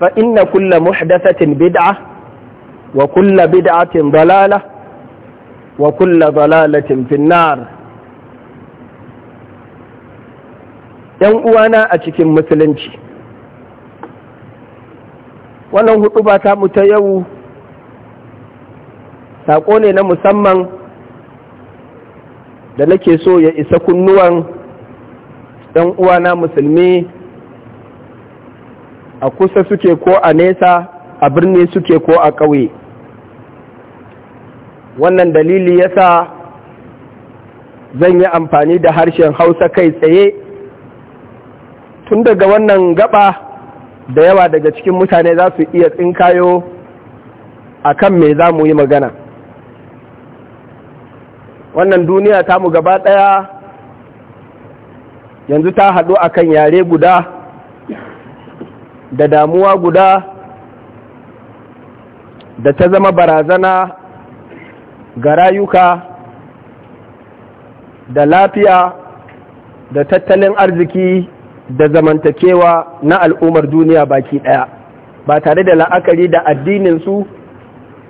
فإن كل محدثة بدعة وكل بدعة ضلالة وكل ضلالة في النار uwana a cikin musulunci wannan ba ta mu ta yau saƙo ne na musamman da nake so ya isa kunnuwan uwana musulmi a kusa suke ko a nesa a birni suke ko a ƙauye wannan dalili yasa zan yi amfani da harshen hausa kai tsaye tun daga wannan gaba da yawa daga cikin mutane za su iya tsinkayo a kan me za mu yi magana wannan duniya ta mu gaba ɗaya yanzu ta haɗu a kan yare guda da damuwa guda da ta zama barazana ga rayuka da lafiya da tattalin arziki da zamantakewa na al'ummar duniya baki ɗaya, ba tare da la'akari da addininsu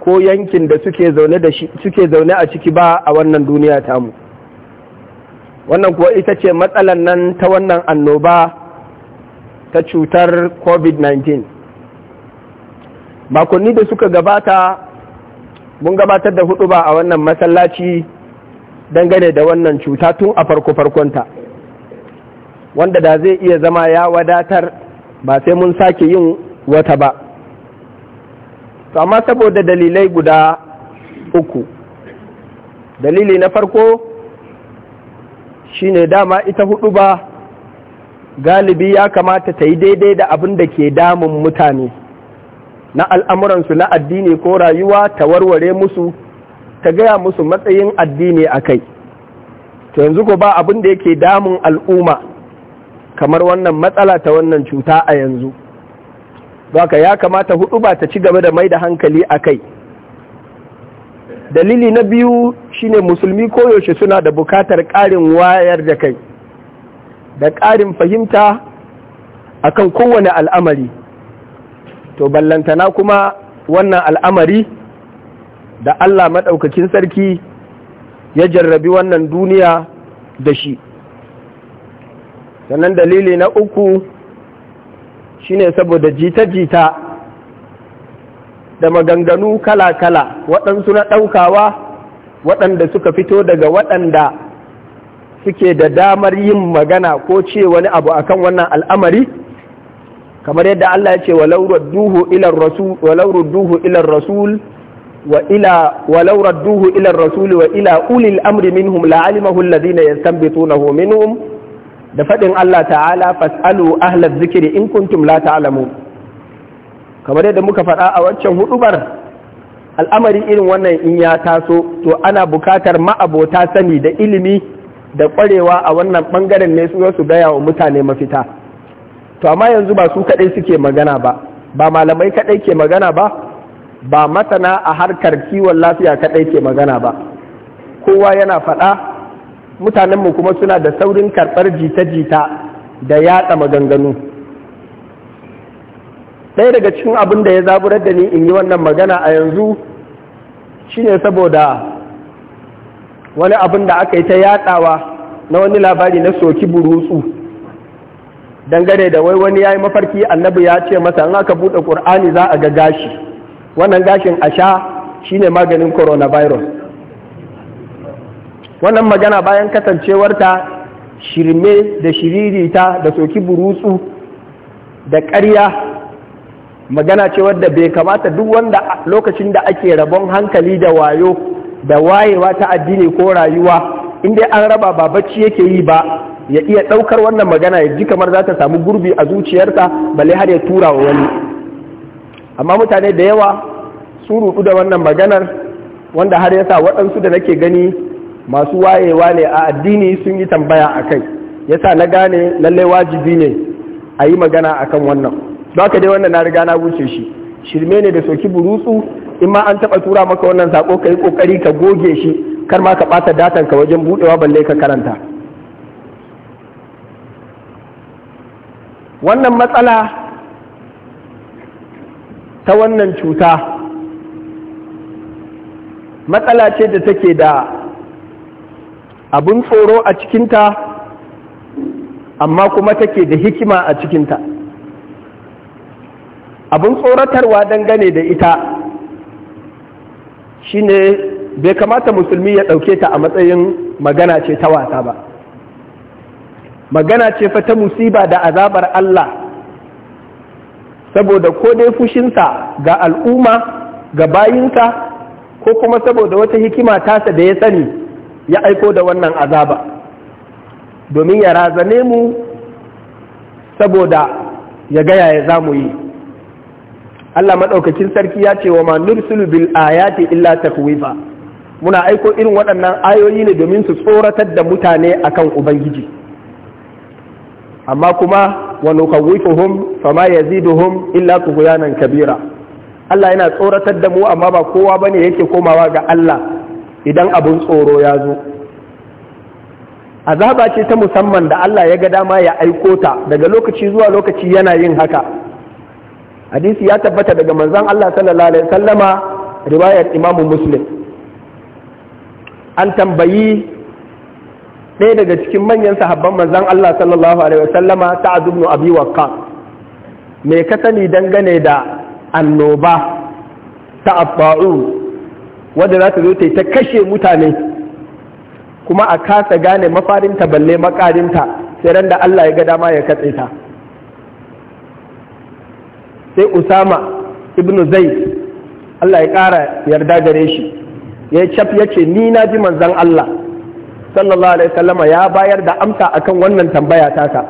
ko yankin da suke zaune a ciki ba a wannan duniya tamu wannan kuwa ita ce matsalan nan ta wannan annoba ta cutar covid-19 makonni da suka gabata mun gabatar da hudu ba a wannan masallaci dangane da wannan cuta tun a farko-farkonta wanda da zai iya zama ya wadatar ba sai mun sake yin wata ba to amma saboda dalilai guda uku dalili na farko shine dama ita hudu ba galibi ya kamata ta yi daidai da abin da ke damun mutane na al'amuransu na addini ko rayuwa ta warware musu ta gaya musu matsayin addini a kai to yanzu ko ba abin da yake damun al'umma kamar wannan matsala ta wannan cuta a yanzu baka ya kamata hudu ba ta ci gaba da mai da hankali a kai dalili na biyu shine musulmi koyaushe suna da bukatar ƙarin wayar da kai da ƙarin fahimta akan kowane al'amari to ballantana kuma wannan al'amari da Allah maɗaukakin sarki ya jarrabi wannan duniya da shi sannan dalili na uku shi ne saboda jita-jita da maganganu kala-kala waɗansu na ɗaukawa waɗanda suka fito daga waɗanda suke da damar yin magana ko ce wani abu akan wannan al'amari kamar yadda Allah ya ce walau rasul wa ila duhu wa ila ulil amri minhum la'alimahu alladhina yastanbitunahu minhum da fadin Allah ta'ala fasalu ahla zikiri in kuntum la ta'lamun kamar yadda muka faɗa a waccan hudubar al'amari irin wannan in ya taso to ana bukatar ma'abota sani da ilimi da kwarewa a wannan bangaren ne su su gaya wa mutane mafita to amma yanzu ba su kaɗai suke magana ba ba malamai kaɗai ke magana ba ba masana a harkar kiwon lafiya kaɗai ke magana ba kowa yana faɗa mutanenmu kuma suna da saurin karɓar jita-jita da yatsa maganganu ɗaya daga cikin abin da ya zaburar da ni in yi wannan magana a yanzu shine saboda wani abin da aka yi ta yatsawa na wani labari na soki burutsu dangane da wai wani ya yi mafarki annabi ya ce masa in aka buɗe ƙur'ani za a ga gashi wannan gashin a sha shine maganin coronavirus wannan magana bayan kasancewarta shirme da shiririta da soki burutsu da ƙarya magana ce wadda bai kamata duk wanda lokacin da ake rabon hankali da wayo da wayewa ta addini ko rayuwa in dai an raba ba bacci yake yi ba ya iya ɗaukar wannan magana ya ji kamar za ta samu gurbi a zuciyarsa bale har ya tura wa wani amma mutane da yawa sun rudu da wannan maganar wanda har yasa waɗansu da nake gani masu wayewa ne a addini sun yi tambaya a kai yasa na gane lallai wajibi ne a yi magana a kan wannan ka dai wannan na riga na wuce shi shirme ne da soki burutsu in ma an taba tura maka wannan sako ka yi ƙoƙari, ka goge shi kar ma ka bata datan ka wajen buɗewa, balle ka karanta wannan matsala ta wannan cuta matsala ce da take da abin tsoro a cikinta amma kuma take da hikima a cikinta abin tsoratarwa dangane da ita shine bai kamata musulmi ya ɗauke ta a matsayin magana ce ta wasa ba magana ce fa ta musiba da azabar Allah saboda ko dai fushinsa ga al'umma ga bayinsa ko kuma saboda wata hikima tasa da ya sani ya aiko da wannan azaba domin ya razane mu saboda ya gaya ya mu yi Allah madaukakin sarki ya ce wa ma nursulu bil ayati illa takwifa muna aiko irin waɗannan ayoyi ne domin su tsoratar da mutane akan ubangiji amma kuma wa nukawwifuhum fama yaziduhum illa tughyanan kabira Allah yana tsoratar da mu amma ba kowa bane yake komawa ga Allah idan abun tsoro ya zo azaba ce ta musamman da Allah ya ga dama ya aiko ta daga lokaci zuwa lokaci yana yin haka hadisi ya tabbata daga manzon Allah sallallahu alaihi wasallama riwayar Imam Muslim an tambayi ɗaya daga cikin manyan sahabban manzon Allah sallallahu alaihi wasallama Sa'ad ibn Abi Waqqas me ka sani dangane da annoba ta abba'u wadda za ta zo ta kashe mutane kuma a kasa gane mafarinta balle makarinta sai randa da Allah ya ga dama ya katse ta sai usama ibnu zaid Allah ya ƙara yarda gare shi ya caf ya ce ni na ji manzan Allah sallallahu alaihi wasallama ya bayar da amsa akan wannan tambaya taka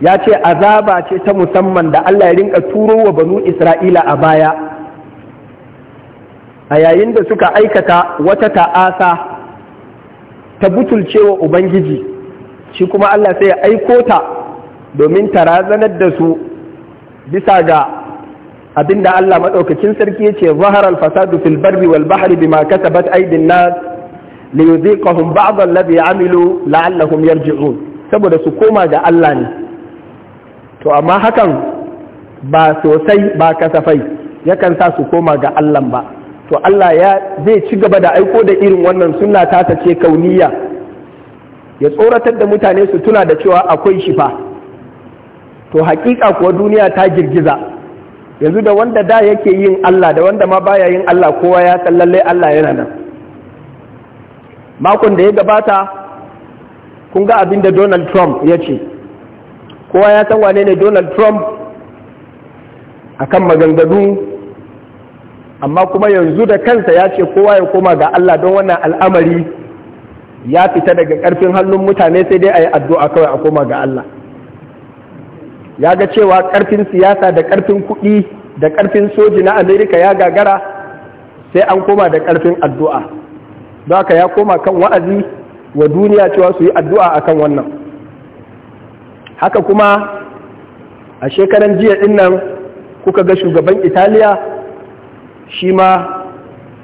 ya ce azaba ce ta musamman da Allah ya rinka turo wa banu Isra'ila a baya a yayin da suka aikata wata ta'asa ta butulcewa ubangiji shi kuma Allah sai ya aiko ta domin ta razanar da su bisa ga abinda Allah maɗaukacin sarki yace zahara al-fasadu fil barri wal bahri bima kasabat aydin nas liyuziqahum ba'd alladhi amilu la'allahum yarji'un saboda su koma ga Allah ne to amma hakan ba sosai ba kasafai yakan sa su koma ga Allah ba to Allah ya zai ci gaba da aiko da irin wannan sunna ta ce kauniya ya tsoratar da mutane su tuna da cewa akwai shifa to hakika kuwa duniya ta girgiza yanzu da wanda da yake yin Allah da wanda ma baya yin Allah kowa ya san lalle Allah yana nan makon da ya gabata kun ga abin da Donald Trump ya ce kowa ya san wane ne Donald Trump akan maganganu amma kuma yanzu da kansa ya ce kowa ya koma ga Allah don wannan al'amari ya fita daga ƙarfin hannun mutane sai dai a yi addu'a kawai a koma ga Allah ya ga cewa ƙarfin siyasa da karfin kuɗi da karfin soji na amerika ya gagara sai an koma da karfin addu'a don haka ya koma kan wa'azi wa duniya cewa su yi addu'a a kan wannan haka kuma a shekaran jiya din nan kuka ga shugaban italiya shi ma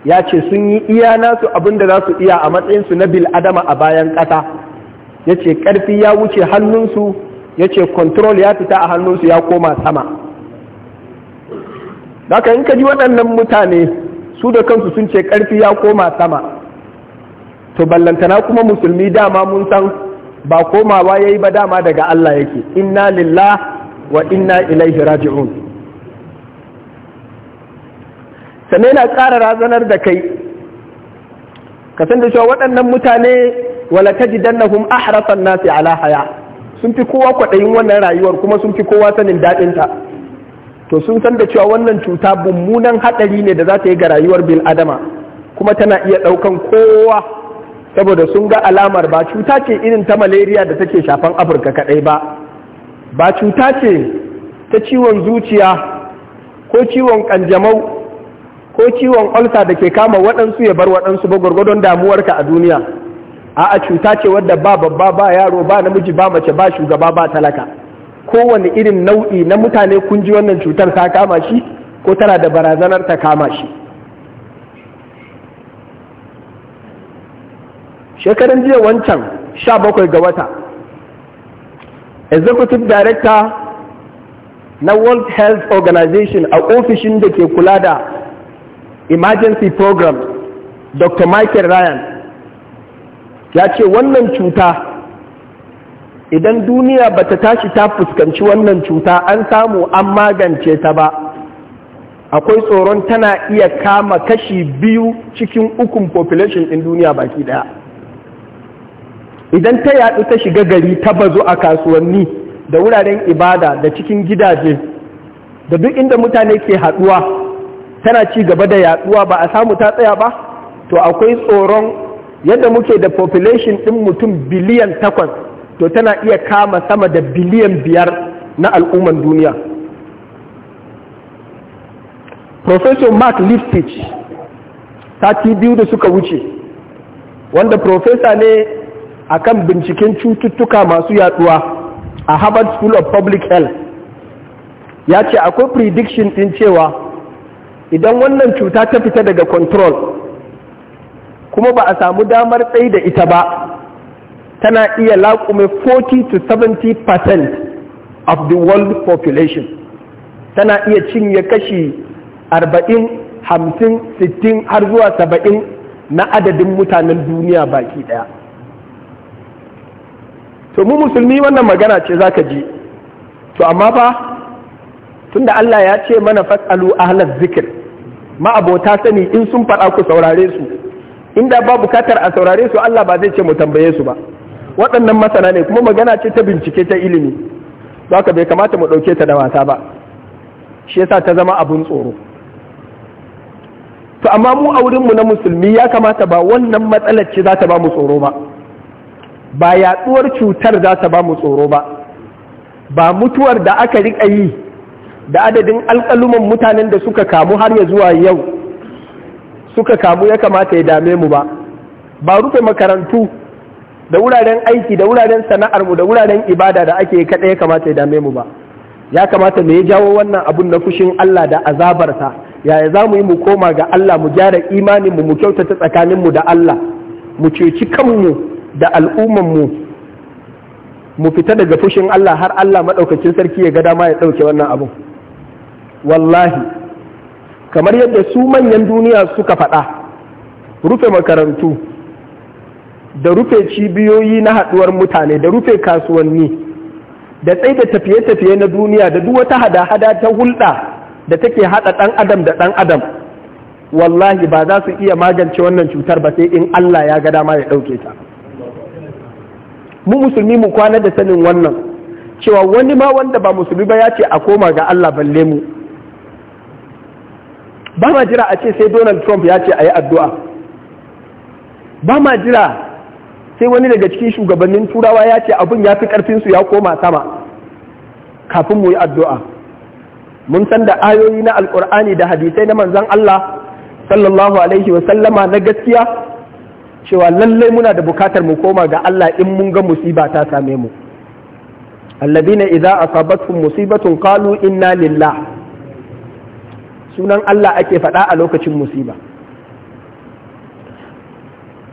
ya ce sun yi iya nasu abin da za su iya a matsayinsu na bil adama a bayan ƙasa ya ce ƙarfi ya wuce hannunsu ya ce control ya fita a hannunsu ya koma sama haka in ka ji waɗannan mutane su da kansu sun ce ƙarfi ya koma sama to ballantana kuma musulmi dama mun san ba komawa ya yi ba dama daga Allah yake inna lillah wa inna ilaihi raji'un sane na ƙara razanar da kai kasan san da cewa waɗannan mutane wala tajidannahum ahrasan nasi ala haya sun fi kowa kwaɗayin wannan rayuwar kuma sun fi kowa sanin daɗinta to sun san da cewa wannan cuta mummunan haɗari ne da za ta yi ga rayuwar bil adama kuma tana iya ɗaukan kowa saboda sun ga alamar ba cuta ce irin ta malaria da take shafan afirka kaɗai ba ba cuta ce ta ciwon zuciya ko ciwon ƙanjamau ko ciwon olsa da ke kama waɗansu ya bar waɗansu ba gwargwadon damuwarka a duniya a'a cuta ce wadda ba babba ba yaro ba namiji ba mace ba shugaba ba talaka kowane irin nau'i na mutane kun ji wannan cutar ta kama shi ko tana da barazanar ta kama shi shekaran jiya wancan sha bakwai ga wata executive director na world health organization a ofishin da ke kula da emergency program dr michael ryan ya ce wannan cuta idan duniya ba ta tashi ta fuskanci wannan cuta an samu an magance ta ba akwai tsoron tana iya kama kashi biyu cikin ukun population ɗin duniya baki ɗaya idan ta yaɗu ta shiga gari ta bazu a kasuwanni da wuraren ibada da cikin gidaje da duk inda mutane ke haɗuwa tana ci gaba da yaduwa ba a samu ta tsaya ba to akwai tsoron yadda muke da population ɗin mutum biliyan takwas to tana iya kama sama da biliyan biyar na al'umman duniya professor mark lipsitch sati biyu da suka wuce wanda profesa ne a kan binciken cututtuka masu yaduwa a harvard school of public health ya ce akwai prediction ɗin cewa idan wannan cuta ta fita daga control kuma ba a samu damar tsaye da ita ba tana iya laƙume 40 to 70 percent of the world population tana iya cinye kashi 40 50 60 har zuwa 70 na adadin mutanen duniya baki ɗaya. to mu musulmi wannan magana ce za ka ji to amma fa da Allah ya ce mana fasalu ahlaz zikir, ma'abota sani in sun faɗa ku saurare su inda ba bukatar a saurare su Allah ba zai ce mu tambaye su ba waɗannan masana ne kuma magana ce ta bincike ta ilimi haka bai kamata mu ɗauke ta da wasa ba shi yasa ta zama abun tsoro to amma mu a wurinmu na musulmi ya kamata ba wannan matsalar ce za ta ba mu tsoro ba ba yaɗuwar cutar za ta ba mu tsoro ba ba mutuwar da aka riƙa yi da adadin alƙaluman mutanen da suka kamu har ya zuwa yau suka kamu ya kamata ya dame mu ba ba rufe makarantu da wuraren aiki da wuraren sana'ar mu da wuraren ibada da ake kaɗa ya kamata ya dame mu ba ya kamata me ya jawo wannan abun na fushin Allah da azabarsa yaya za mu yi mu koma ga Allah mu gyara imanin mu mu kyautata tsakaninmu da Allah mu ceci kanmu da al'ummarmu mu fita daga fushin Allah har Allah maɗaukacin sarki ya ga dama ya ɗauke wannan abun wallahi kamar yadda su manyan duniya suka faɗa rufe makarantu da rufe cibiyoyi na haɗuwar mutane da rufe kasuwanni da tsaye da tafiye-tafiye na duniya da duk wata hada-hada ta hulɗa da take haɗa ɗan adam da ɗan adam wallahi ba za su iya magance wannan cutar ba sai in Allah ya ga dama ya ɗauke ta mu musulmi mu kwana da sanin wannan cewa wani ma wanda ba musulmi ba ya ce a koma ga Allah balle mu ba ma jira a ce sai donald trump ya ce a yi addu'a ba ma jira sai wani daga cikin shugabannin turawa ya ce abin ya fi ƙarfinsu ya koma sama kafin mu yi addu'a mun san da ayoyi na alkur'ani da hadisai na manzan allah sallallahu alaihi wasallama na gaskiya cewa lallai muna da bukatar mu koma ga allah in mun ga musiba ta same mu musibatun kalu inna lillah sunan Allah ake faɗa a lokacin musiba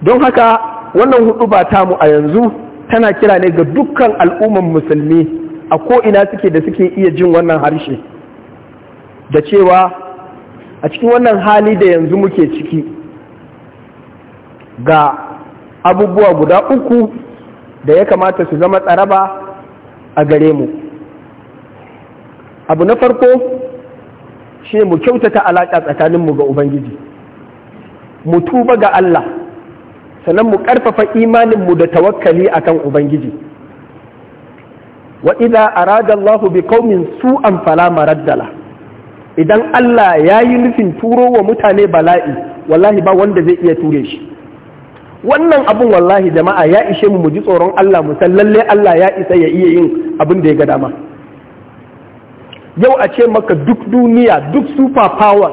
don haka wannan hudu ba tamu a yanzu tana kira ne ga dukkan al'umman musulmi a ko'ina suke da suke iya jin wannan harshe da cewa a cikin wannan hali da yanzu muke ciki ga abubuwa guda uku da ya kamata su zama tsaraba a gare mu abu na farko shi mu kyautata alaƙa tsakaninmu ga Ubangiji, mu tuba ga Allah, sannan mu ƙarfafa imaninmu da tawakkali a kan Ubangiji. Wa a bai Allah bi su an fala maraddala idan Allah ya yi nufin turo wa mutane bala'i wallahi ba wanda zai iya ture shi wannan abun wallahi jama'a ya ishe mu mu ji tsoron Allah mu san lallai Allah ya isa ya iya yin abin da ya ga dama yau a ce maka duk duniya duk super power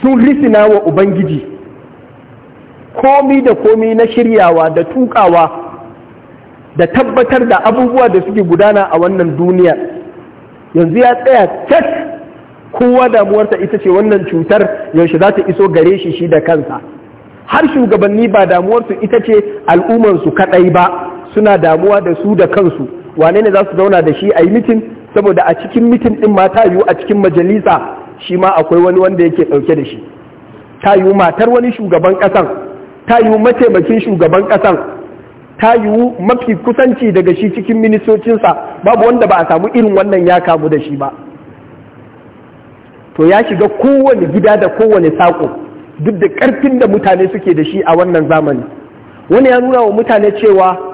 sun risina wa ubangiji komi da komi na shiryawa da tukawa da tabbatar da abubuwa da suke gudana a wannan duniya yanzu ya tsaya cek kowa damuwarsa ita ce wannan cutar yaushe za ta iso gare shi shi da kansa har shugabanni ba damuwarsu ita ce al'ummansu kaɗai ba suna damuwa da su da kansu wane ne za su zauna da shi a yi mitin saboda a cikin mitin ɗin ma ta yiwu a cikin majalisa shi ma akwai wani wanda yake ɗauke da shi ta yiwu matar wani shugaban ƙasan ta yiwu mataimakin shugaban ƙasan ta yiwu mafi kusanci daga shi cikin ministocinsa babu wanda ba a samu irin wannan ya kamu da shi ba to ya shiga kowane gida da kowane saƙo duk da ƙarfin da mutane suke da shi a wannan zamani wani ya nuna wa mutane cewa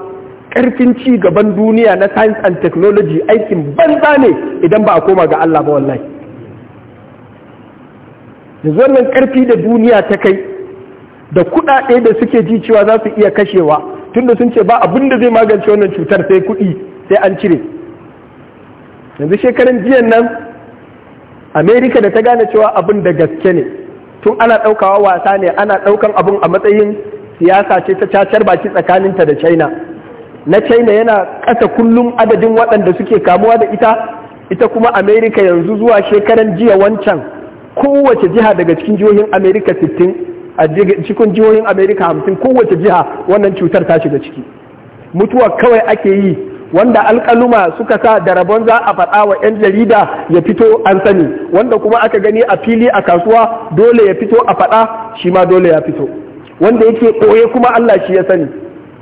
karfin ci gaban duniya na science and technology aikin banza ne idan ba a koma ga Allah ba wallahi yanzu wannan karfi da duniya ta kai da kuɗaɗe da suke ji cewa za su iya kashewa tunda sun ce ba abin da zai magance wannan cutar sai kuɗi sai an cire yanzu shekaran jiyan nan amerika da ta gane cewa abin da gaske ne tun ana ɗaukawa wasa ne ana ɗaukan abin a matsayin siyasa ce ta cacar baki tsakaninta da china na china yana ƙasa kullum adadin waɗanda suke kamuwa da ita ita kuma amerika yanzu zuwa shekaran jiya wancan kowace jiha daga cikin jihohin amerika 60 a cikin jihohin amerika 50 kowace jiha wannan cutar ta shiga ciki mutuwa kawai ake yi wanda alƙaluma suka sa da rabon za a faɗa wa 'yan jarida ya fito an sani wanda kuma aka gani a fili a kasuwa dole ya fito a faɗa shi ma dole ya fito wanda yake ɓoye kuma allah shi ya sani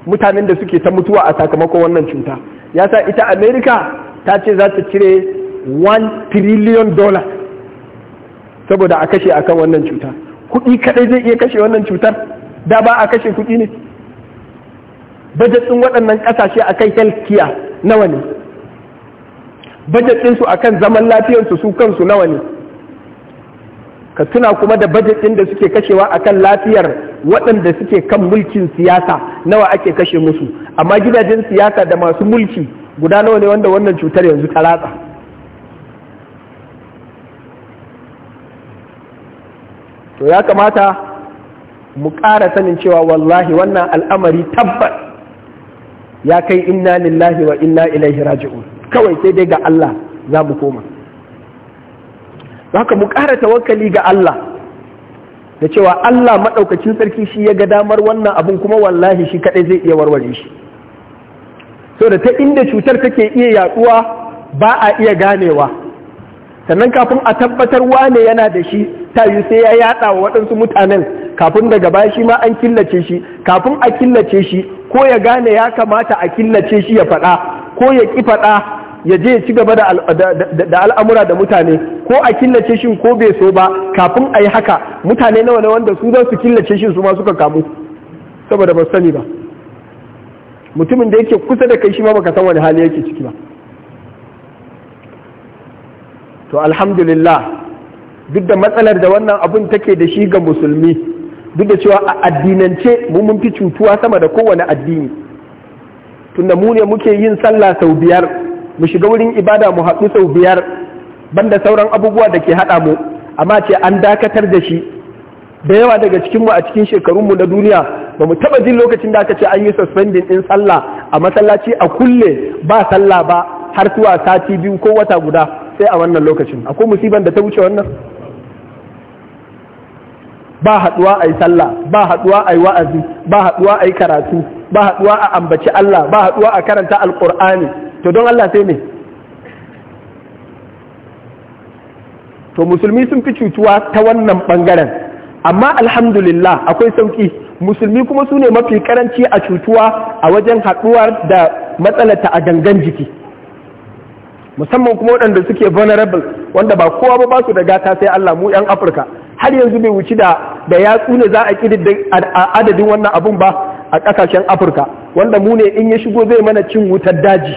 mutanen da suke ta mutuwa a sakamakon wannan cuta ya sa ita Amerika ta ce za ta cire 1 trillion dollar saboda a kashe akan wannan cuta kuɗi kaɗai zai iya kashe wannan cutar da ba a kashe kuɗi ne budget waɗannan ƙasashe a kai healthcare nawa ne budget ɗinsu a kan zaman lafiyarsu su kansu nawa ne ka tuna kuma da budget da suke kashewa akan kan lafiyar waɗanda suke kan mulkin siyasa nawa ake kashe musu amma gidajen siyasa da masu mulki guda nawa ne wanda wannan cutar yanzu ta ratsa to ya kamata mu ƙara sanin cewa wallahi wannan al'amari tabbas ya kai inna lillahi wa inna ilaihi raji'un kawai sai dai ga Allah za mu koma haka mu ƙara tawakkali ga Allah da cewa Allah maɗaukacin sarki shi ya ga damar wannan abin kuma wallahi shi kaɗai zai iya warware shi so da ta inda cutar take iya yaɗuwa ba a iya ganewa sannan kafin a tabbatar wane yana da shi ta yi sai ya yaɗa wa waɗansu mutanen kafin daga baya shi ma an killace shi kafin a killace shi ko ya gane ya kamata a killace shi ya faɗa ko ya ƙi faɗa ya je ci gaba da al'amura da mutane ko a killace shi ko bai so ba kafin a yi haka mutane nawa ne wanda su zan su killace shi su ma suka kamu saboda ba sani ba mutumin da yake kusa da kai shi ma baka san wani hali yake ciki ba to alhamdulillah duk da matsalar da wannan abun take da shi ga musulmi duk da cewa a addinance mu mun fi cutuwa sama da kowane addini tunda mu ne muke yin sallah sau biyar mu shiga wurin ibada mu haɗu sau biyar banda sauran abubuwa da ke haɗa mu amma ce an dakatar da shi da yawa daga cikinmu a cikin shekarunmu na duniya ba mu taɓa jin lokacin da aka ce an yi suspending ɗin sallah a masallaci a kulle ba sallah ba har zuwa sati biyu ko wata guda sai a wannan lokacin akwai musiban da ta wuce wannan ba haɗuwa a yi sallah ba haɗuwa a yi wa'azi ba haɗuwa a yi karatu ba haɗuwa a ambaci Allah ba haɗuwa a karanta alƙur'ani to don Allah sai ne to musulmi sun fi cutuwa ta wannan bangaren amma alhamdulillah akwai sauki musulmi kuma su ne mafi karanci a cutuwa a wajen haɗuwar da matsalata a gangan jiki musamman kuma waɗanda suke vulnerable wanda ba kowa ba ba su da gata sai Allah mu 'yan Afirka har yanzu bai wuci da da yatsu ne za a a adadin wannan abun ba a ƙasashen Afirka wanda mu ne in ya shigo zai mana cin wutar daji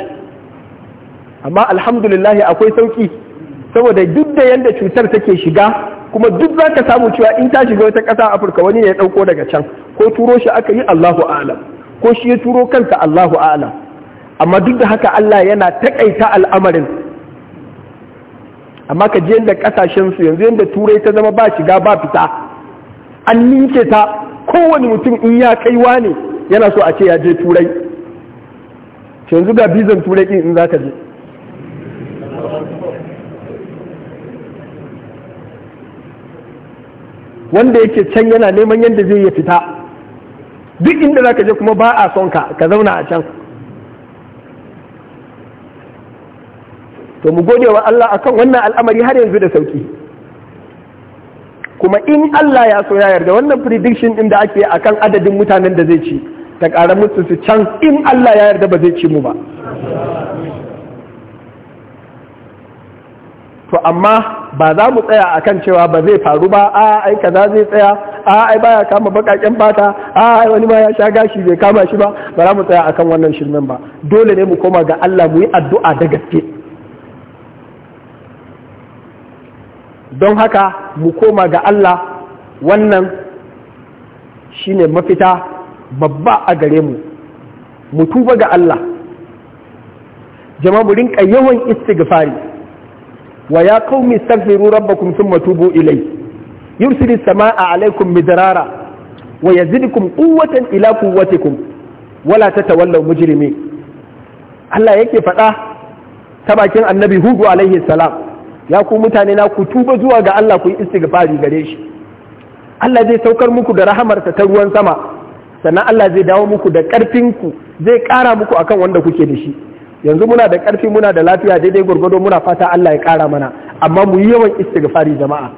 amma alhamdulillah akwai sauki saboda duk da yadda cutar take shiga kuma duk za ka samu cewa in ta shiga wata ƙasa afirka wani ne ya ɗauko daga can ko turo shi aka yi allahu alam ko shi ya turo kansa allahu alam amma duk da haka allah yana taƙaita al'amarin amma ka ji yadda ƙasashen su yanzu yadda turai ta zama ba shiga ba fita an ninke ta kowane mutum in ya kaiwa ne yana so a ce ya je turai yanzu ga bizan turai ɗin in za ka je wanda yake can yana neman yadda zai ya fita duk inda za ka je kuma ba a son ka ka zauna a can to mu gode wa Allah akan wannan al'amari har yanzu da sauki kuma in Allah ya so ya yarda wannan prediction din da ake akan adadin mutanen da zai ci ta ƙara mutu su can in Allah ya yarda ba zai ci mu ba to amma ba za mu tsaya a kan cewa ba zai faru ba a ai kaza zai tsaya a ai baya kama baƙaƙen bata a ai wani ma ya sha gashi bai kama shi ba ba za mu tsaya a kan wannan shirmen ba dole ne mu koma ga Allah mu yi addu'a da gaske don haka mu koma ga Allah wannan shine mafita babba a gare mu mu tuba ga Allah jama'a mu rinka yawan istighfari wa ya qaumi astaghfiru rabbakum thumma tubu ilay yursilis samaa'a 'alaykum midrara wa yazidkum quwwatan ila quwwatikum wala tatawallaw mujrimin Allah yake faɗa ta bakin annabi Hudu alaihi salam ya ku mutane na ku tuba zuwa ga Allah ku yi istighfari gare shi Allah zai saukar muku da rahamarsa ta ruwan sama sannan Allah zai dawo muku da ƙarfinku zai ƙara muku akan wanda kuke da shi yanzu muna da ƙarfi muna da lafiya daidai gwargwado muna fata Allah ya ƙara mana amma mu yi yawan istighfari jama'a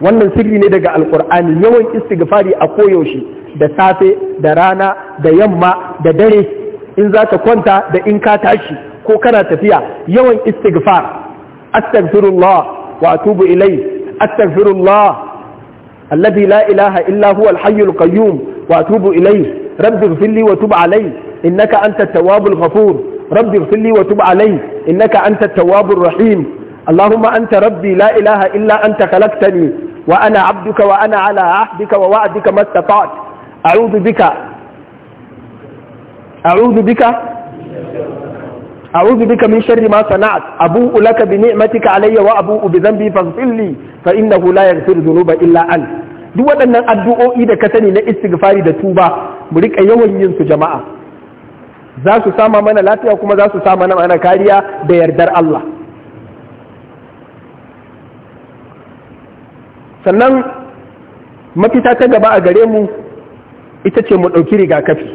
wannan sirri ne daga alkur'ani yawan istighfari a koyaushe da safe da rana da yamma da dare in za ka kwanta da in ka tashi ko kana tafiya yawan istighfar astaghfirullah wa atubu ilai astaghfirullah alladhi la ilaha illa huwa al-hayyul qayyum wa atubu ilai rabbi ighfirli wa tub alayya innaka antat tawwabul ghafur rabbi ighfirli wa tub alayhi innaka antat tawwabur rahim allahumma anta rabbi la ilaha illa anta khalaqtani wa ana abduka wa ana ala ahdika wa wa'dika mastata'tu a'udhu bika أعوذ بك من شر ما صنعت أبوء لك بنعمتك علي وأبوء بذنبي فاغفر لي فإنه لا يغفر ذنوب إلا أنت duk waɗannan addu'o'i da ka sani na istighfari da tuba mu rika yawan yinsu jama'a za su sama mana lafiya kuma za su sama mana kariya da yardar Allah sannan mafita ta gaba a gare mu ita ce mu ɗauki rigakafi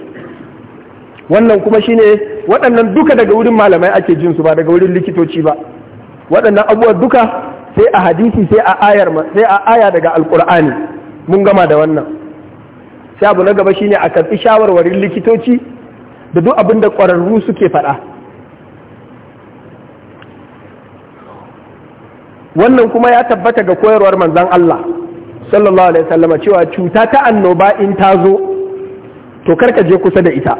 wannan kuma shine waɗannan duka daga wurin malamai ake jin su ba daga wurin likitoci ba waɗannan abubuwan duka sai a hadisi sai a ayar sai a aya daga alkur'ani mun gama da wannan sai abu na gaba shine a karɓi shawarwarin likitoci da duk abin da ƙwararru suke faɗa wannan kuma ya tabbata ga koyarwar manzan Allah sallallahu alaihi wasallam cewa cuta ta annoba in ta zo to karka je kusa da ita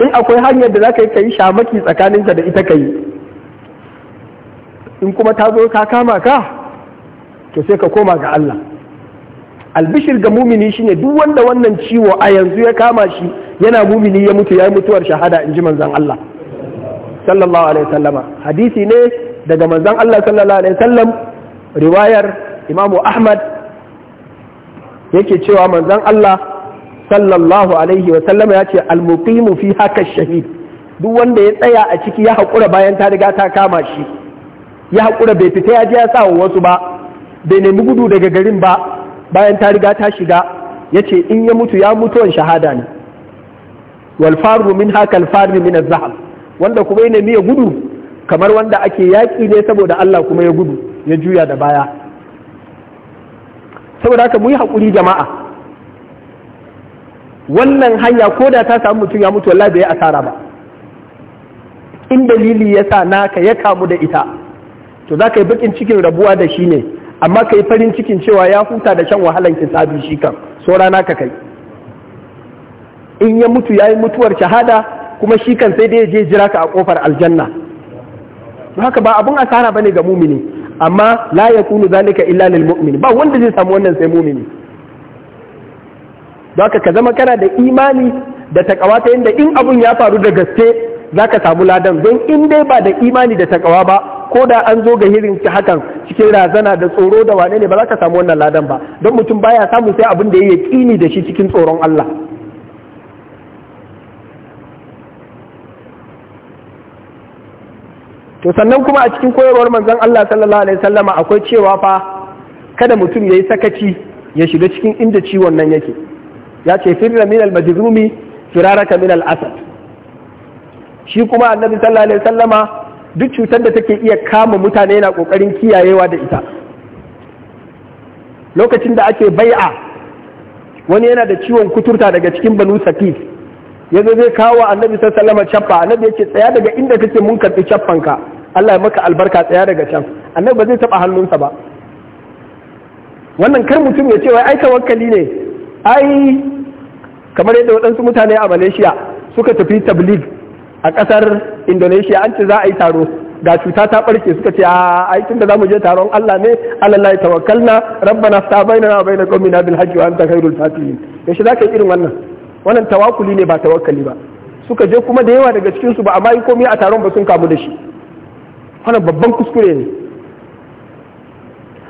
in akwai hanyar da zaka yi kayi shamaki tsakaninka da ita yi, in kuma ta zo ka kama ka to sai ka koma ga Allah albishir ga mumini shine duk wanda wannan ciwo a yanzu ya kama shi yana mumini ya mutu ya yi mutuwar shahada in ji manzan Allah sallallahu alaihi sallama hadisi ne daga manzan Allah sallallahu alaihi sallam riwayar imamu Ahmad yake cewa manzan Allah sallallahu alaihi wa sallama ya ce almuqimu fi haka shahid duk wanda ya tsaya a ciki ya haƙura bayan ta riga ta kama shi ya haƙura bai fita ya je ya sa wasu ba bai nemi gudu daga garin ba bayan ta riga ta shiga ya ce in ya mutu ya mutuwan shahada ne wal min haka al min zahab wanda kuma ya miya gudu kamar wanda ake yaƙi ne saboda Allah kuma ya gudu ya juya da baya saboda haka mu yi haƙuri jama'a wannan hanya ko da ta samu mutum ya mutu wallahi bai asara ba in dalili yasa naka ya kamu da ita to za yi bakin cikin rabuwa da shi ne amma yi farin cikin cewa ya huta da shan wahalan kisabi shi kan so rana ka kai in ya mutu ya yi mutuwar shahada kuma shi kan sai dai je jira ka a kofar aljanna haka ba abun asara ne ga mumini amma la yakunu zalika illa lil mu'min ba wanda zai samu wannan sai mumini haka ka zama kana da imani da takawa ta yadda in abun ya faru da gaske za ka samu ladan don in dai ba da imani da takawa ba ko da an zo ga hirin ci hakan cikin razana da tsoro da wane ne ba za ka samu wannan ladan ba don mutum baya samu sai abin da ya kini da shi cikin tsoron Allah to sannan kuma a cikin koyarwar manzon Allah sallallahu alaihi wasallama akwai cewa fa kada mutum ya yayi sakaci ya shiga cikin inda ciwon nan yake ya ce firra min al-majrumi firaraka min al shi kuma annabi sallallahu alaihi wasallama duk cutar da take iya kama mutane yana kokarin kiyayewa da ita lokacin da ake bai'a wani yana da ciwon kuturta daga cikin banu sakif ya zo zai kawo annabi sallama cappa annabi ya ce tsaya daga inda kake mun karɓi cappanka Allah ya maka albarka tsaya daga can annabi ba zai taɓa hannunsa ba wannan kar mutum ya ce wai ai tawakkali ne ai kamar yadda waɗansu mutane a malaysia suka tafi tabligh a ƙasar indonesia an ce za a yi taro ga cuta ta ɓarke suka ce a tun da za mu je taron allah ne allah ya Rabba na ta bainana wa bainal qawmi na bilhaji wa anta khairul ya yaushe za ka yi irin wannan wannan tawakuli ne ba tawakkali ba suka je kuma da yawa daga cikinsu ba a bayi komai a taron ba sun kamu da shi wannan babban kuskure ne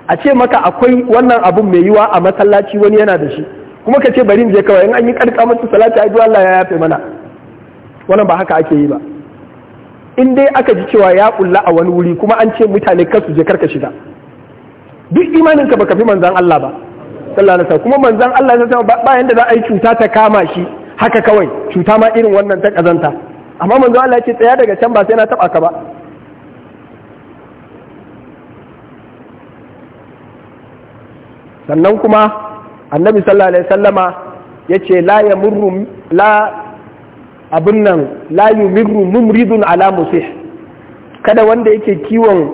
a ce maka akwai wannan abun mai yiwa a masallaci wani yana da shi kuma ka ce bari in je kawai in an yi karka masa salati ai Allah ya yafe mana wannan ba haka ake yi ba in dai aka ji cewa ya kulla a wani wuri kuma an ce mutane kar su je karka shiga duk imanin ka baka fi manzan Allah ba sallallahu alaihi kuma manzan Allah ya san ba yanda za a yi cuta ta kama shi haka kawai cuta ma irin wannan ta kazanta amma manzan Allah ya ce tsaya daga can ba sai na taba ka ba sannan kuma annabi sallallahu alaihi wasallama yace la yamurru la abin nan layu yumirru mumridun ala musih kada wanda yake kiwon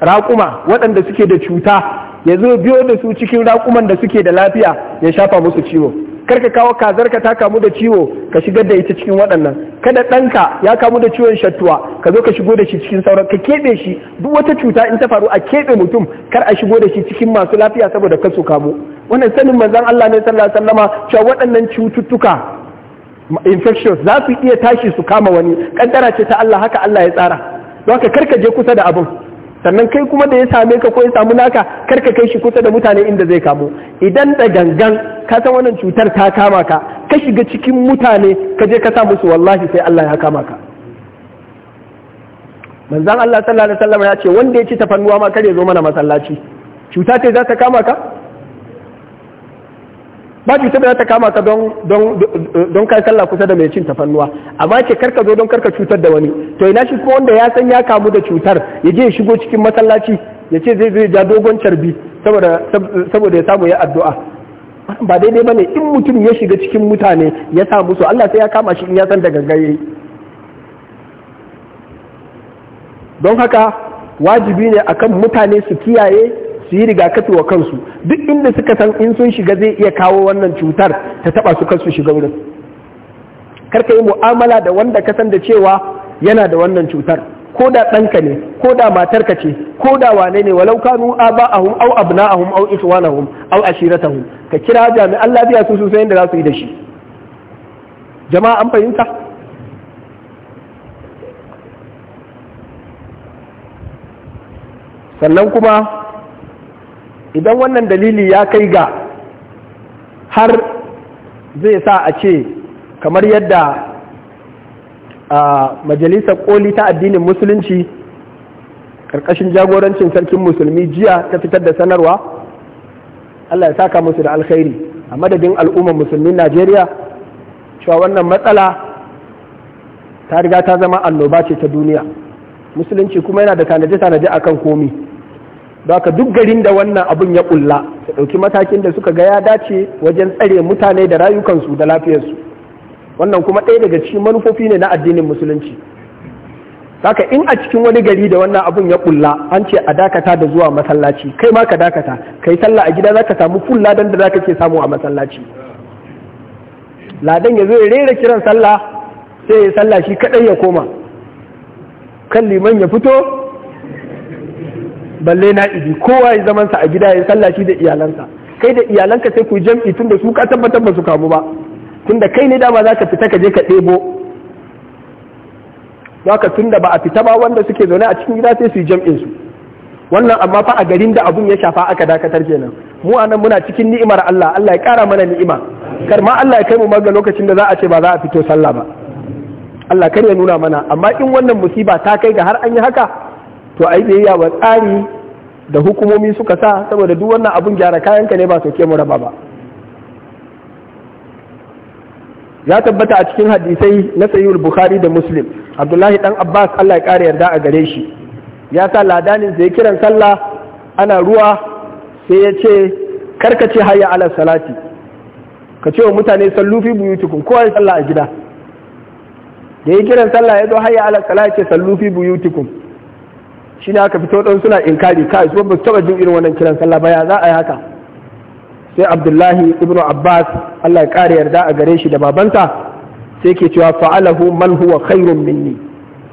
raƙuma waɗanda suke da cuta ya zo biyo da su cikin raƙuman da suke da lafiya ya shafa musu ciwo karka kawo kazarka ta kamu da ciwo ka shigar da ita cikin waɗannan kada ɗanka ya kamu da ciwon shattuwa ka zo ka shigo da shi cikin sauran ka keɓe shi duk wata cuta in ta faru a keɓe mutum kar a shigo da shi cikin masu lafiya saboda kasu kamu wannan sanin manzon Allah ne sallallahu alaihi wasallama cewa waɗannan cututtuka infectious za su iya tashi su kama wani kaddara ce ta Allah haka Allah ya tsara don haka karka je kusa da abin sannan kai kuma da ya same ka ko ya samu naka karka kai shi kusa da mutane inda zai kamu idan da gangan ka san wannan cutar ta kama ka ka shiga cikin mutane ka je ka sa musu wallahi sai Allah ya kama ka manzon Allah sallallahu alaihi wasallam ya ce wanda ya ci tafannuwa ma kar ya zo mana masallaci cuta ce za ta kama ka ba cutar da ta kama ka don kai sallah kusa da mai cin tafannuwa amma ce karka zo don karka cutar da wani to ina shi kuma wanda ya san ya kamu da cutar ya je ya shigo cikin masallaci ya ce zai zai ja dogon carbi saboda ya samu ya addu'a ba daidai bane in mutum ya shiga cikin mutane ya sa musu Allah sai ya kama shi in ya san da gangaye don haka wajibi ne akan mutane su kiyaye su yi rigakafi wa kansu duk inda suka san in sun shiga zai iya kawo wannan cutar ta taba su kansu shiga wurin karka yi mu'amala da wanda ka san da cewa yana da wannan cutar ko da ɗanka ne ko da matarka ce ko da wane ne walau kanu aba'ahum au abna'ahum au ikhwanahum au ashiratahum ka kira jami'an lafiya su sosai inda za su yi da shi jama'a an fahimta sannan kuma idan wannan dalili ya kai ga har zai sa a ce kamar yadda a majalisar koli ta addinin musulunci ƙarƙashin jagorancin sarkin musulmi jiya ta fitar da sanarwa allah ya saka musu da alkhairi a madadin al'ummar musulmin najeriya cewa wannan matsala ta riga ta zama annoba ce ta duniya musulunci kuma yana da tanaje-tanaje akan komi ka duk garin da wannan abun ya kulla ka ɗauki matakin da suka ga ya dace wajen tsare mutane da rayukansu da lafiyarsu wannan kuma ɗaya daga cikin manufofi ne na addinin musulunci haka in a cikin wani gari da wannan abun ya kulla an ce a dakata da zuwa masallaci kai ma ka dakata kai sallah a gida zaka samu full ladan da ka ke samu a masallaci ladan ya zo ya rera kiran sallah sai ya sallah shi kaɗai ya koma kan liman ya fito balle na idi kowa ya zaman sa a gida ya sallah shi da iyalansa kai da iyalanka sai ku jam'i tunda su ka tabbatar ba su kamu ba tunda kai ne dama za ka fita ka je ka debo haka tunda ba a fita ba wanda suke zaune a cikin gida sai su yi jam'in su wannan amma fa a garin da abun ya shafa aka dakatar kenan mu anan muna cikin ni'imar Allah Allah ya kara mana ni'ima kar ma Allah ya kai mu ga lokacin da za a ce ba za a fito sallah ba Allah kar ya nuna mana amma in wannan musiba ta kai ga har an yi haka to a yi biyayya wa tsari da hukumomi suka sa saboda duk wannan abun gyara kayanka ne ba sauke mu raba ba ya tabbata a cikin hadisai na sayyid bukhari da muslim abdullahi dan abbas allah ya kare yarda a gare shi ya sa ladanin da ya kiran sallah ana ruwa sai ya ce karkace hayya ala salati ka ce wa mutane sallufi fi tukun, kowa ya sallah a gida da ya kiran sallah ya zo hayya ala salati sallufi fi tukun. shi ne aka fito ɗan suna inkari ka su ba taɓa jin irin wannan kiran sallah ba ya za a yi haka sai abdullahi ibnu abbas allah ya ƙara yarda a gare shi da babanta sai ke cewa fa'alahu man huwa khairun minni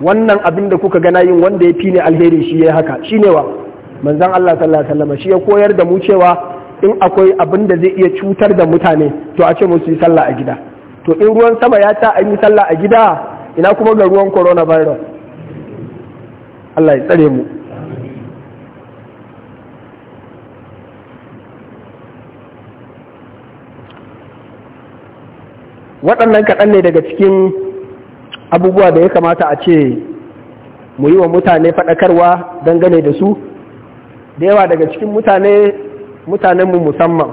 wannan abin da kuka gana yin wanda ya fi ne alheri shi ya haka shi ne wa manzon allah sallallahu alaihi wasallam shi ya koyar da mu cewa in akwai abin da zai iya cutar da mutane to a ce musu yi sallah a gida to in ruwan sama ya ta an yi sallah a gida ina kuma ga ruwan coronavirus Allah ya tsare mu waɗannan kaɗan ne daga cikin abubuwa da ya kamata a ce mu yi wa mutane faɗakarwa dangane da su da yawa daga cikin mutane mutanenmu musamman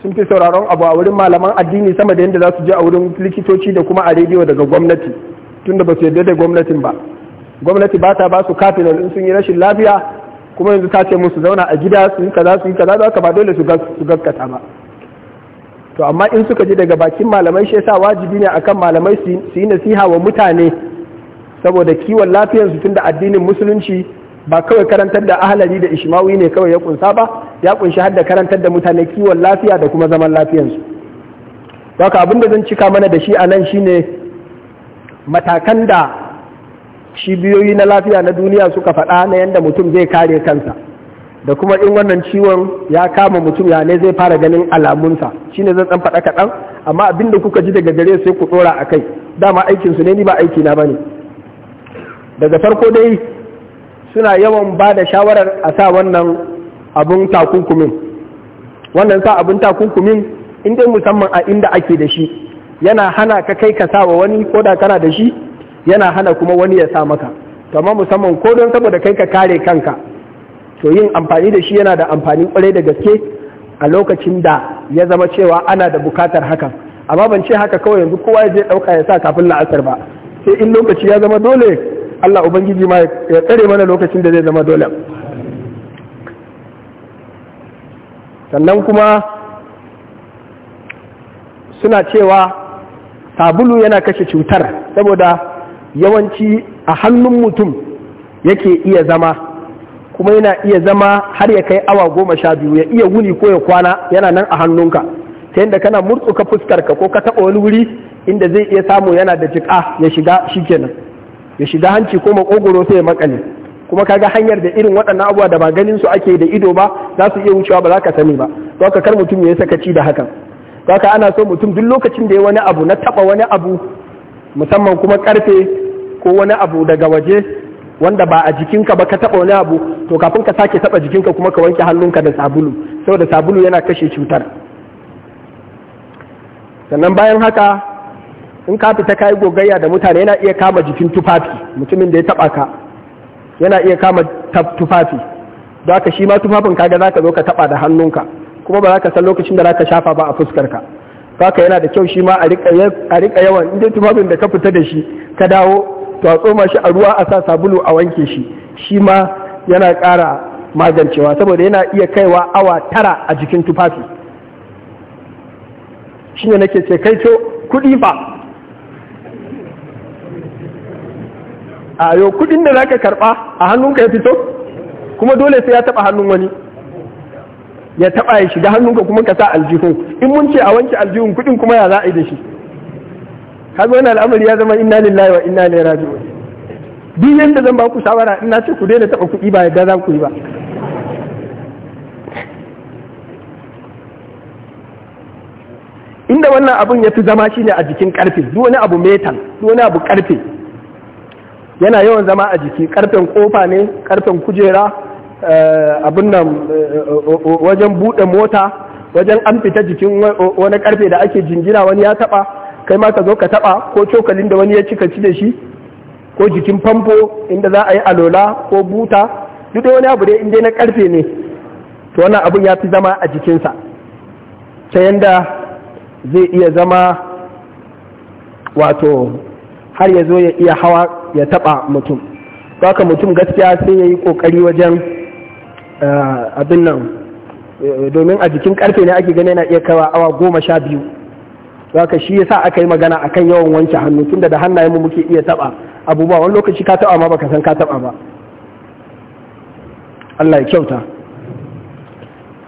sun fi sauraron abu a wurin malaman addini sama da yadda za su je a wurin likitoci da kuma a rediyo daga gwamnati tunda ba su yarda da gwamnatin ba gwamnati ba ta ba su kafin in sun yi rashin lafiya kuma yanzu ta ce musu zauna a gida su yi kaza su yi kaza za ka ba dole su gaskata ba to amma in suka ji daga bakin malamai shi yasa wajibi ne akan malamai su yi nasiha wa mutane saboda kiwon lafiyarsu tunda addinin musulunci ba kawai karantar da ahalari da ishmawi ne kawai ya kunsa ba ya kunshi har da karantar da mutane kiwon lafiya da kuma zaman lafiyarsu haka abin da zan cika mana da shi a nan shine matakan da cibiyoyi na lafiya na duniya suka faɗa na yadda mutum zai kare kansa da kuma in wannan ciwon ya kama mutum ya ne zai fara ganin alamunsa shine zan ɗan faɗa kaɗan amma abin da kuka ji daga gare sai ku ɗora a kai dama aikinsu ne ni ba aiki na bane daga farko dai suna yawan ba da shawarar a sa wannan abun takunkumin wannan sa abun takunkumin in dai musamman a inda ake da shi yana hana ka kai ka sa wa wani ko da kana da shi yana hana kuma wani ya sa maka amma musamman ko don saboda kai ka kare kanka to yin amfani da shi yana da amfani kwarai da gaske a lokacin da ya zama cewa ana da bukatar hakan amma ban ce haka kawai yanzu kowa ya je dauka ya sa kafin la'asar ba sai in lokaci ya zama dole Allah ubangiji ma ya tsare mana lokacin da zai zama dole sannan kuma suna cewa sabulu yana kashe cutar saboda yawanci a hannun mutum yake iya zama kuma yana iya zama har ya kai awa goma sha biyu ya iya wuni ko ya kwana yana nan a hannunka ta yadda kana murtsuka ka ko ka taɓa wani wuri inda zai iya samu yana da jiƙa ya shiga shikenan ya shiga hanci ko makogoro sai ya makale kuma kaga hanyar da irin waɗannan abubuwa da ba ganin su ake da ido ba za su iya wucewa ba za ka sani ba to haka kar mutum ya sakaci da hakan to haka ana so mutum duk lokacin da ya wani abu na taɓa wani abu musamman kuma karfe ko wani abu daga waje wanda ba a jikinka ba ka taɓa wani abu to kafin ka sake taɓa jikinka kuma ka wanke hannunka da sabulu saboda sabulu yana kashe cutar sannan bayan haka in ka fita kayi gogayya da mutane yana iya kama jikin tufafi mutumin da ya taɓa ka yana iya kama tufafi don haka shi ma tufafin kaga za ka zo ka taɓa da hannunka kuma ba za ka san lokacin da za ka shafa ba a fuskarka ka yana da kyau shi ma a riƙa yawan inda tufafin da ka fita da shi ka dawo to a tsoma shi a ruwa a sa sabulu a wanke shi shi ma yana ƙara magancewa saboda yana iya kaiwa awa tara a jikin tufafi shi ne nake ce kai kuɗi ba a yau kuɗin da za ka karɓa a hannunka ya fito kuma dole sai ya taɓa hannun wani ya taɓa ya shiga hannunka kuma ka sa aljihun in mun ce a wanke aljihun kuɗin kuma ya za a yi da shi kaga wannan al'amari ya zama inna lillahi wa inna ilaihi raji'un duk yanda zan ba ku shawara ina ce ku daina taba kuɗi ba yadda za ku yi ba inda wannan abun ya fi zama shine a jikin karfe duk wani abu metal duk wani abu karfe yana yawan zama a jiki karfen kofa ne karfen kujera eh, abin nan eh, wajen buɗe mota wajen an fita jikin wani karfe da ake jingina wani ya taba kai ma ka zo ka taɓa ko cokalin da wani ya ci ka ci da shi ko jikin famfo inda za a yi alola ko buta duk wani abu dai inda na karfe ne to wannan abun ya fi zama a jikinsa ta yanda zai iya zama wato har ya zo ya iya hawa ya taɓa mutum haka mutum gaskiya sai ya yi ƙoƙari wajen eh, abin nan eh, domin a jikin karfe ne ake gani yana iya kawa awa goma sha biyu zaka shi yasa aka yi magana akan yawan wanke hannu tunda da hannayen mu muke iya taba abubuwa wani lokaci ka taba ma baka san ka taba ba Allah ya kyauta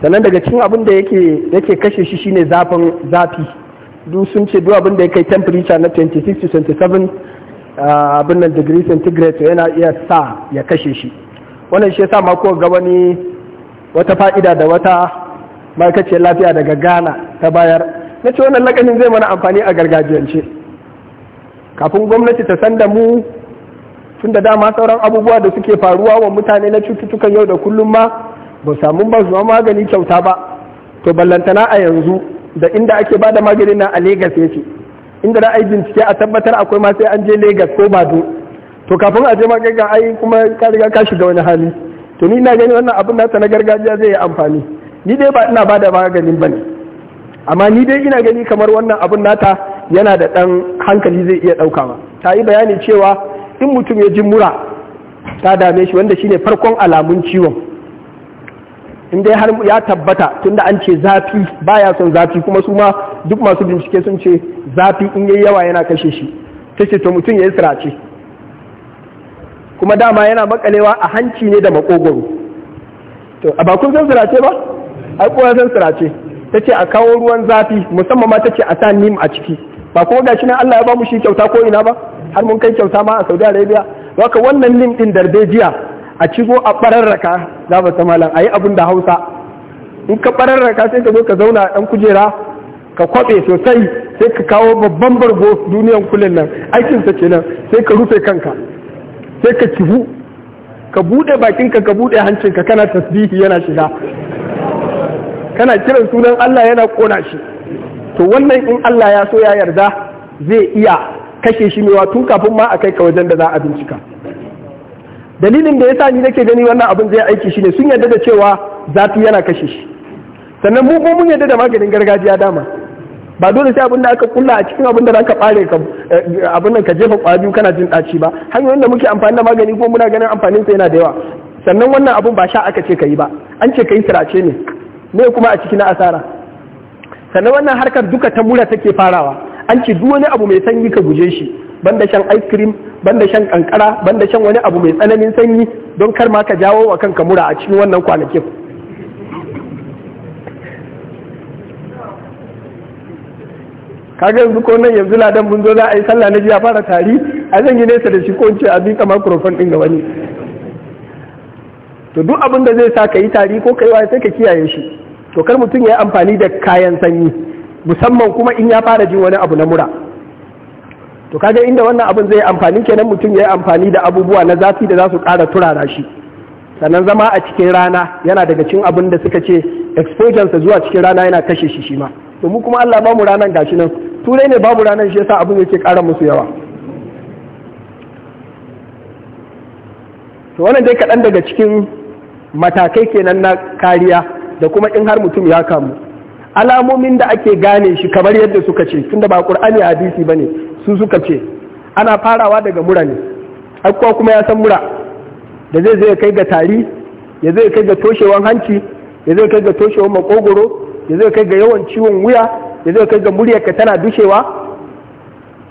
sannan daga cikin abin da yake yake kashe shi shine zafin zafi duk sun ce duk abin da ya kai temperature na 26 to 27 ah, abin nan degree centigrade yana iya sa ya kashe shi wannan shi yasa ma ko ga wani wata fa'ida da wata ma'aikaciyar lafiya daga Ghana ta bayar na ce wannan lakanin zai mana amfani a gargajiyance kafin gwamnati ta san da mu tun da dama sauran abubuwa da suke faruwa wa mutane na cututtukan yau da kullum ma ba samu ba zuwa magani kyauta ba to ballantana a yanzu da inda ake bada maganin nan a Legas ce inda da ai bincike a tabbatar akwai ma sai an je Legas ko Bado to kafin a je maganin ai kuma ka riga ka shiga wani hali to ni na gani wannan abin nata na gargajiya zai yi amfani ni dai ba ina ba da maganin ba ne. amma ni dai ina gani kamar wannan abun nata yana da ɗan hankali zai iya ɗaukawa ta yi bayani cewa in mutum ya ji mura ta dame shi wanda shine farkon alamun ciwon in dai har ya tabbata tunda an ce zafi baya son zafi kuma su ma duk masu bincike sun ce zafi in yayi yawa yana kashe shi ta ce to mutum ya yi sirace kuma dama yana makalewa a hanci ne da makogoro to a bakun san sirace ba ai kowa san sirace ta ce a kawo ruwan zafi musamman ma ta ce a sa nim a ciki ba kuma gashi nan Allah ya ba mu shi kyauta ko ina ba har mun kai kyauta ma a Saudi Arabia haka wannan nim din darbejiya a cigo a bararraka za ba samalan ayi abun da Hausa in ka bararraka sai ka zo ka zauna dan kujera ka kwabe sosai sai ka kawo babban bargo duniyan kullun nan aikin sa kenan sai ka rufe kanka sai ka kihu ka bude bakinka ka bude hancinka kana tasbihi yana shiga kana kiran sunan Allah yana kona shi to wannan in Allah ya so ya yarda zai iya kashe shi mewa tun kafin ma a kai ka wajen da za a bincika dalilin da ya sa ni nake gani wannan abin zai aiki shine sun yarda da cewa zafi yana kashe shi sannan mu mun yarda da maganin gargajiya dama ba dole sai abin da aka kulla a cikin abin da za ka bare ka eh, abin nan ka jefa kwabi kana jin daci ba hanyoyin da muke amfani da magani ko muna ganin amfanin sa yana da yawa sannan wannan abun ba sha aka ce ka ba an ce ka yi sirace ne ne kuma a cikin asara sannan wannan harkar duka ta mura take farawa an ce duk wani abu mai sanyi ka guje shi banda shan ice cream banda shan kankara banda shan wani abu mai tsananin sanyi don kar ma ka jawo wa kanka mura a cikin wannan kwanakin kaga yanzu ko nan yanzu ladan mun zo za a yi sallah na jiya fara tari a zan yi nesa da shi ko ce a bika microphone din ga wani to duk abin da zai sa ka yi tari ko kai wa sai ka kiyaye shi to kar mutum ya yi amfani da kayan sanyi musamman kuma in ya fara jin wani abu na mura to kaga inda wannan abin zai amfani kenan mutum ya amfani da abubuwa na zafi da za su ƙara turara shi sannan zama a cikin rana yana daga cin abin da suka ce exposure zuwa cikin rana yana kashe shi shi ma to mu kuma Allah ba mu ranan gashi nan turai ne babu ranan shi yasa abin yake ƙara musu yawa to wannan dai kaɗan daga cikin matakai kenan na kariya da kuma in har mutum ya kamu alamomin da ake gane shi kamar yadda suka ce tunda ba qur'ani hadisi ne, su suka ce ana farawa daga mura ne akwai kuma ya san mura da zai zai kai ga tari ya zai kai ga toshewan hanci ya zai kai ga toshewan makogoro ya zai kai ga yawan ciwon wuya ya zai kai ga muryarka tana dushewa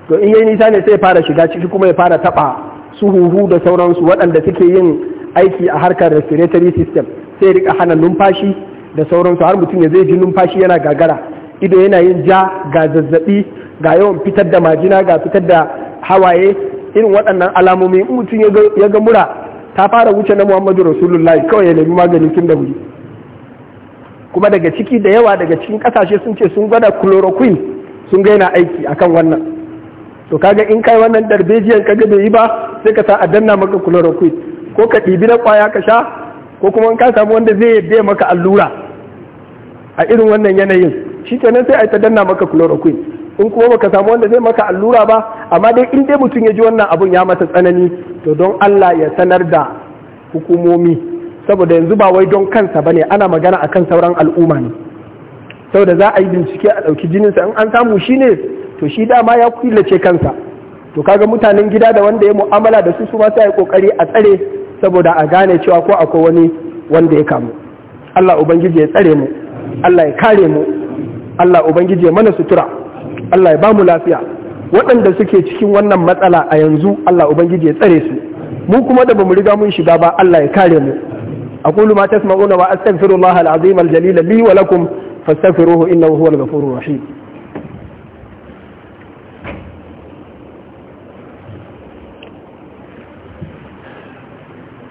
to in yayi nisa ne sai fara shiga ciki kuma ya fara taba su huhu da sauransu waɗanda suke yin aiki a harkar respiratory system sai rika hana numfashi da sauransu har mutum ya zai ji numfashi yana gagara ido yana yin ja ga zazzabi ga yawan fitar da majina ga fitar da hawaye irin waɗannan alamomi in mutum ya ga mura ta fara wuce na muhammadu rasulullahi kawai ya nemi maganin tun da wuri kuma daga ciki da yawa daga cikin kasashe sun ce sun gwada chloroquine sun ga yana aiki akan wannan to kaga in kai wannan darbejiyar kaga bai yi ba sai ka sa a danna maka chloroquine ko ka ɗibi na kwaya ka sha ko kuma in ka samu wanda zai yadda maka allura a irin wannan yanayin shi kenan sai a yi ta danna maka chloroquine in kuma baka samu wanda zai maka allura ba amma dai in dai mutum ya ji wannan abun ya masa tsanani to don Allah ya sanar da hukumomi saboda yanzu ba wai don kansa bane ana magana akan sauran al'umma ne saboda za a yi bincike a ɗauki jininsa in an samu shi ne to shi dama ya killace kansa to kaga mutanen gida da wanda ya mu'amala da su su ma sai kokari a tsare saboda a gane cewa ko akwai wani wanda ya kamu Allah ubangiji ya tsare mu Allah ya kare mu Allah ubangije mana sutura Allah ya bamu lafiya waɗanda suke cikin wannan matsala a yanzu Allah ubangije ya tsare su mu kuma da bamu riga mun shiga ba Allah ya kare mu aqulu ma tasma'una wa astaghfirullaha al-azim al-jalil li wa lakum fastaghfiruhu innahu huwal ghafurur rahim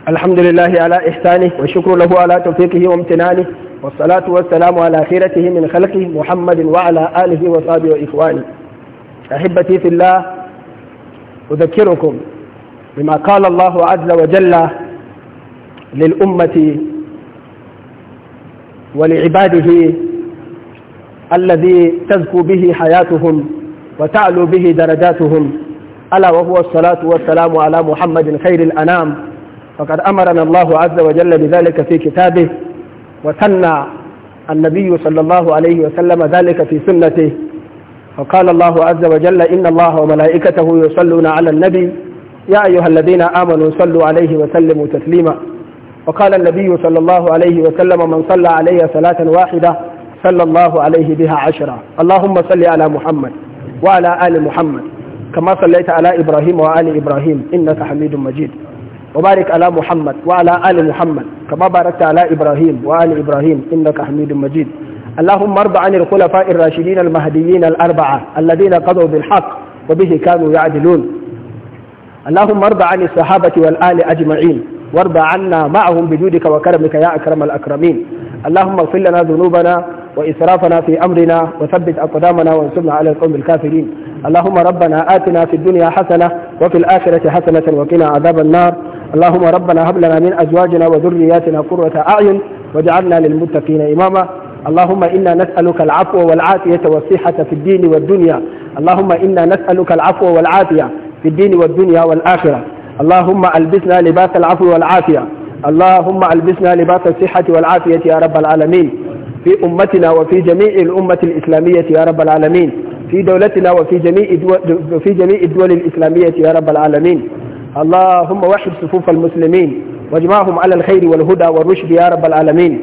الحمد لله على إحسانه وشكر له على توفيقه وامتنانه والصلاة والسلام على خيرته من خلقه محمد وعلى آله وصحبه وإخوانه أحبتي في الله أذكركم بما قال الله عز وجل للأمة ولعباده الذي تزكو به حياتهم وتعلو به درجاتهم ألا وهو الصلاة والسلام على محمد خير الأنام فقد أمرنا الله عز وجل بذلك في كتابه وثنى النبي صلى الله عليه وسلم ذلك في سنته فقال الله عز وجل إن الله وملائكته يصلون على النبي يا أيها الذين آمنوا صلوا عليه وسلموا تسليما وقال النبي صلى الله عليه وسلم من صلى علي صلاة واحدة صلى الله عليه بها عشرة اللهم صل على محمد وعلى آل محمد كما صليت على إبراهيم وآل إبراهيم إنك حميد مجيد وبارك على محمد وعلى آل محمد كما باركت على إبراهيم وآل إبراهيم إنك حميد مجيد اللهم ارض عن الخلفاء الراشدين المهديين الأربعة الذين قضوا بالحق وبه كانوا يعدلون اللهم ارض عن الصحابة والآل أجمعين وارض عنا معهم بجودك وكرمك يا أكرم الأكرمين اللهم اغفر لنا ذنوبنا وإسرافنا في أمرنا وثبت أقدامنا وانصرنا على القوم الكافرين اللهم ربنا آتنا في الدنيا حسنة وفي الآخرة حسنة وقنا عذاب النار اللهم ربنا هب لنا من أزواجنا وذرياتنا قرة أعين واجعلنا للمتقين إماما اللهم إنا نسألك العفو والعافية والصحة في الدين والدنيا اللهم إنا نسألك العفو والعافية في الدين والدنيا والآخرة اللهم ألبسنا لباس العفو والعافية اللهم ألبسنا لباس الصحة والعافية يا رب العالمين في أمتنا وفي جميع الأمة الإسلامية يا رب العالمين في دولتنا وفي جميع في جميع الدول الإسلامية يا رب العالمين اللهم وحد صفوف المسلمين واجمعهم على الخير والهدى والرشد يا رب العالمين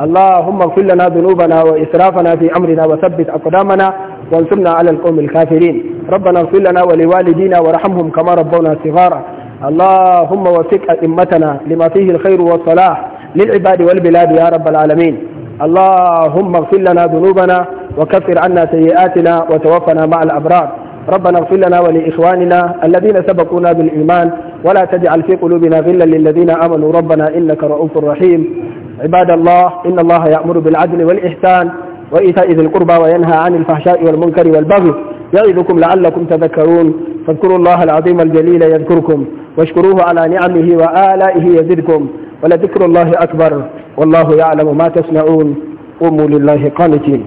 اللهم اغفر لنا ذنوبنا وإسرافنا في أمرنا وثبت أقدامنا وانصرنا على القوم الكافرين ربنا اغفر لنا ولوالدينا وارحمهم كما ربونا صغارا اللهم وفق أئمتنا لما فيه الخير والصلاح للعباد والبلاد يا رب العالمين اللهم اغفر لنا ذنوبنا وكفر عنا سيئاتنا وتوفنا مع الأبرار ربنا اغفر لنا ولإخواننا الذين سبقونا بالإيمان ولا تجعل في قلوبنا غلا للذين آمنوا ربنا إنك رؤوف رحيم عباد الله إن الله يأمر بالعدل والإحسان وإيتاء ذي القربى وينهى عن الفحشاء والمنكر والبغي يعظكم لعلكم تذكرون فاذكروا الله العظيم الجليل يذكركم واشكروه على نعمه وآلائه يزدكم ولذكر الله أكبر والله يعلم ما تصنعون قوموا لله قانتين